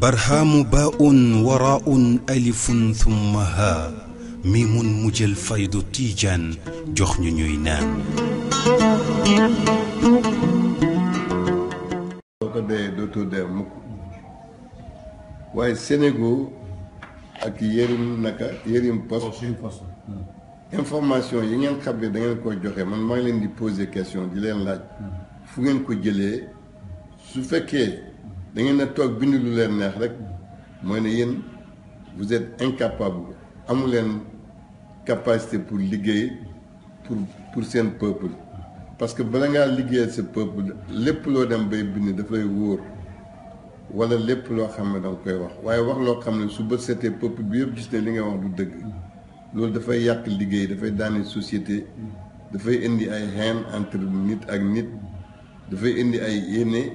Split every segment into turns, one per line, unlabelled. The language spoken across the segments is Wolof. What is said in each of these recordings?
barhaamu baa'un waraa'un alifun thumma haa miimun mu
jël faydu tiijaan jox ñu ñuy naan. waaye Sénégal ak yërim naka yërim poste oh, hmm. information yi ngeen xam ne da ngeen joxe man maa ngi leen di poser question di leen laaj. Hmm. fu ngeen ko jëlee su fekkee da ngeen a toog bind lu leen neex rek mooy ne yéen vous êtes incapable amu leen capacité pour liggéey pour pour seen peuple parce que bala ngaa liggéeyal sa peuple lépp loo dem bay bind daf lay wóor wala lépp loo xam ne danga koy wax waaye wax loo xam ne su bët setee peuple bi yëpp gis ne li nga wax du dëgg loolu dafay yàq liggéey dafay daane société dafay indi ay haine entre nit ak nit dafay indi ay yéene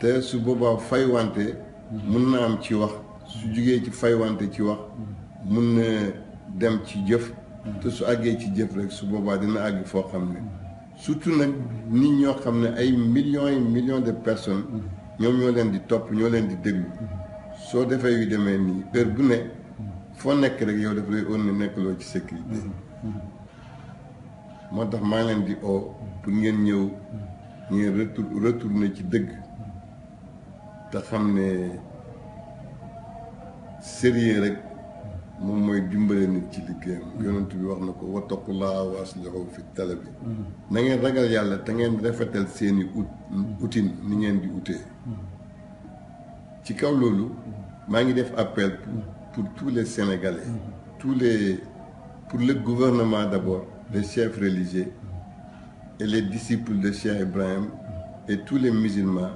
te su boobaa faywante mun naa am ci wax su jugee ci faywante ci wax mun na dem ci jëf te su àggee ci jëf rek su boobaa dina àgg foo xam ne surtout nag nit ñoo xam ne ay millions et millions de personnes ñoom ñoo leen di topp ñoo leen di déglu soo defee yu demee nii heure bu ne foo nekk rek yow daf lay oon ne ci sécurité mm-hmm. moo tax maa ngi leen di oo pour ngeen ñëw ngeen retour retourné ci dëgg te xam ne sérieux rek moom mooy jumbale nit ci liggéeyam yonent bi wax na ko wattaqullaaha wa aslihu fi talabi na ngeen ragal yàlla te ngeen rafetal seeni ut utin ni ngeen di utee ci kaw loolu maa ngi def appel pour tous les Sénégalais tous les pour le gouvernement d'abord les chefs religieux et les disciples de Cheikh Ibrahim et tous les musulmans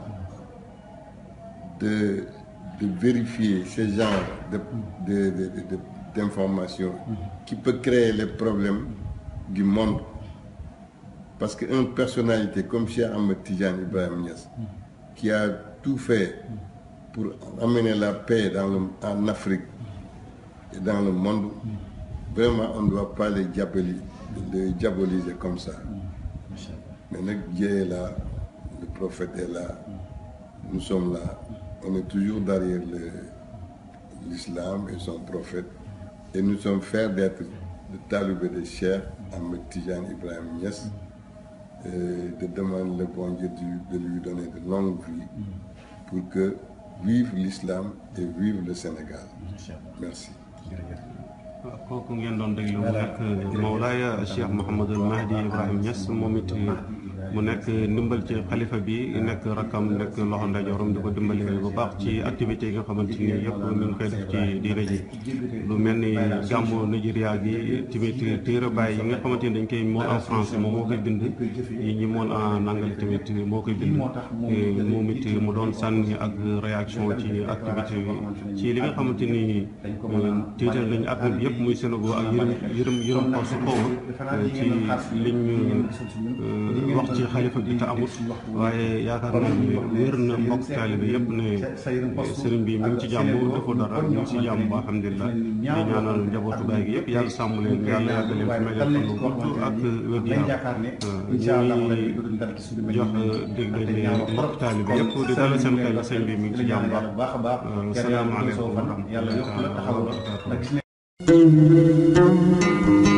de, vérifier ce genre d'informations qui peut créer les problèmes du monde. Parce qu'une personnalité comme Cheikh Ahmed Tijan Ibrahim Nias, qui a tout fait pour amener la paix dans en Afrique et dans le monde, vraiment on ne doit pas les les diaboliser comme ça. Mais Dieu est là, le prophète est là, nous sommes là. On est toujours derrière l'islam et son prophète. Et nous sommes fiers d'être le talibé de Cheikh à Tijan Ibrahim et euh, de demander le bon Dieu de lui donner de longues vies pour que vive l'islam et vive le Sénégal. Merci.
kooku ngeen doon déglu mu nekk Mawlaaya Cheikh Mouhamadul Mahdi Ibrahim Niass moom it mu nekk ndimbal ci xalifa bi nekk rakkam nekk loxo ndajooram di ko dimbali bu baax ci activité yi nga xamante ni yëpp ñu ngi koy def ci diine ji lu mel ni gàmmu Nigeria gi tamit téere yi nga xamante ni dañ koy mool en France moom moo koy bind yi ñi mool en anglais tamit moo koy bind eh, moom it mu doon sànni ak réaction ci activité bi ci li nga xamante ni eh, tiital nañ àdduna bi yëpp muy Sénégal ak yërëm yërëm yërëm xor su xaw eh, ci liñ wax ci xalifa bi te amut waaye yaakaar naa ne wér na mbokk taalibe yëpp ne sëriñ bi mi ngi ci jàmm defu dara ñu ngi ci jàmm ba alhamdulilah di ñaanal njabootu gaay gi yëpp yàlla sàmm leen yàlla yàgg leen fi may leen fan bu gudd ak wér gi yaram ñuy jox dégg dañ ne mbokk taalibe yëpp di dala